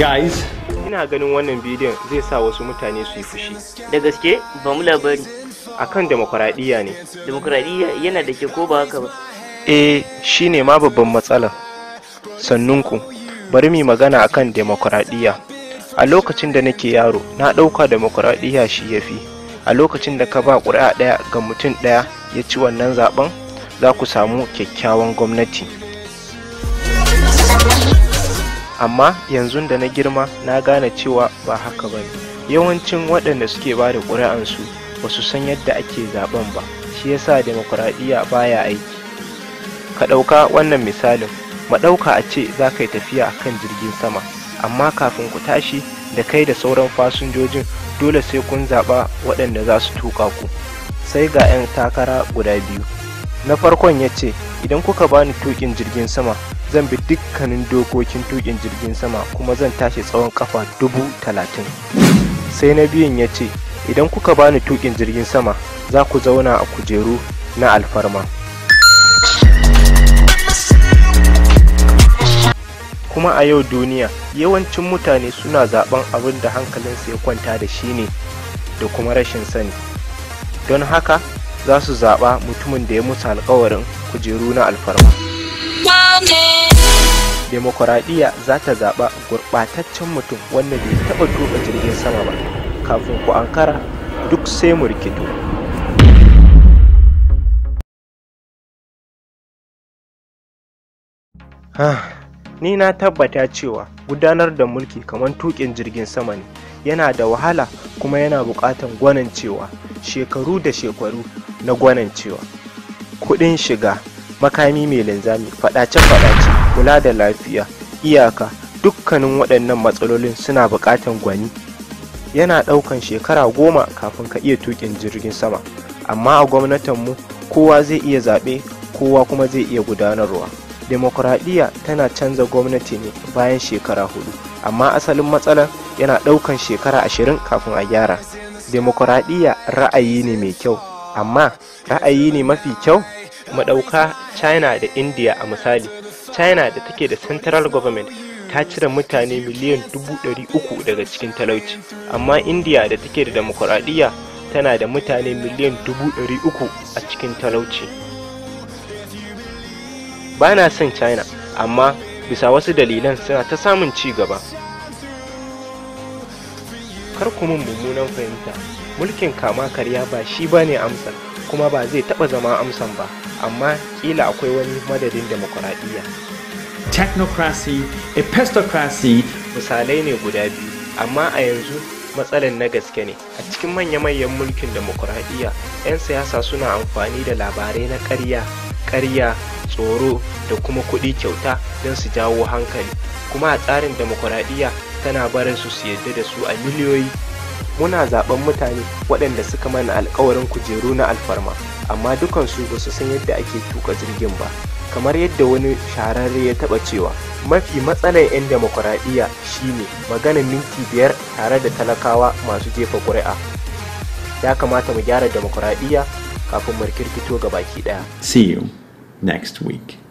Guys, ina ganin wannan bidiyon zai sa wasu mutane su yi fushi. Da gaske, ba mu labari. Akan demokuraɗiyya ne. Demokuraɗiyya yana da ke ko ba haka ba. Eh, shi ne ma babban matsala. Sannunku, bari mu magana akan demokuraɗiyya. A lokacin da nake yaro, na ɗauka demokuraɗiyya shi ya fi. A lokacin da ka ba ƙuri'a ɗaya ga mutum ɗaya ya ci wannan zaɓen, za ku samu kyakkyawan gwamnati. amma yanzu da na girma na gane cewa ba haka ba yawancin waɗanda suke ba da ƙuri'ansu ba su san yadda ake zaben ba shi yasa demokuraɗiyya baya aiki ka ɗauka wannan misalin maɗauka a ce za ka yi tafiya a kan jirgin sama amma kafin ku tashi da kai da sauran fasinjojin dole sai kun zaɓa waɗanda za su tuƙa ku sai ga 'yan takara guda biyu na farkon ya ce idan kuka bani tukin jirgin sama zan bi dukkanin dokokin tukin jirgin sama kuma zan tashi tsawon kafa dubu talatin sai na biyun ya ce idan kuka bani tukin jirgin sama za ku zauna a kujeru na alfarma kuma a yau duniya yawancin mutane suna zaben abin da hankalinsu ya kwanta da shi ne da kuma rashin sani don haka za su zaɓa mutumin da ya musu alkawarin kujeru na alfarma demokuraɗiyya za ta zaɓa gurɓataccen mutum wanda bai taɓa tuka jirgin sama ba kafin ku ankara duk sai mu rikito ni na tabbata cewa gudanar da mulki kamar tukin jirgin sama ne yana da wahala kuma yana buƙatan gwanin cewa shekaru da shekaru na cewa, kuɗin shiga makami mai linzami faɗace-faɗace kula da lafiya iyaka dukkanin waɗannan matsalolin suna buƙatan gwani yana ɗaukan shekara goma kafin ka iya tukin jirgin sama amma a gwamnatinmu kowa zai iya zaɓe kowa kuma zai iya gudanarwa demokuraɗiyya tana canza gwamnati ne bayan shekara hudu amma asalin matsalar yana ɗaukan shekara ashirin kafin a gyara demokuraɗiyya ra'ayi ne mai kyau amma ra'ayi ne mafi kyau mu ɗauka china da india a misali china da take da central government ta cire mutane miliyan dubu ɗari uku daga cikin talauci amma india da take da demokuraɗiyya tana da mutane miliyan dubu ɗari uku a cikin talauci ba na son china amma bisa wasu dalilan suna ta samun ci gaba kar kuma mummunan fahimta mulkin kama karya ba shi ba ne amsa kuma ba zai taɓa zama amsan ba amma kila akwai wani madadin demokuraɗiyya. technocracy epistocracy misalai ne guda biyu amma a yanzu matsalan na gaske ne a cikin manya-manyan mulkin demokuraɗiyya 'yan siyasa suna amfani da labarai na ƙarya ƙarya tsoro da kuma kuɗi kyauta don su jawo hankali kuma a tsarin demokuraɗiyya tana barin su su yadda da su a miliyoyi muna zaben mutane waɗanda suka mana alkawarin kujeru na alfarma amma dukansu ba su san yadda ake tuka jirgin ba kamar yadda wani shahararre ya taɓa cewa mafi matsalar 'yan demokuraɗiyya shine maganin minti biyar tare da talakawa masu jefa ƙuri'a ya kamata mu gyara demokuraɗiyya kafin mu rikirkito ga baki ɗaya see you next week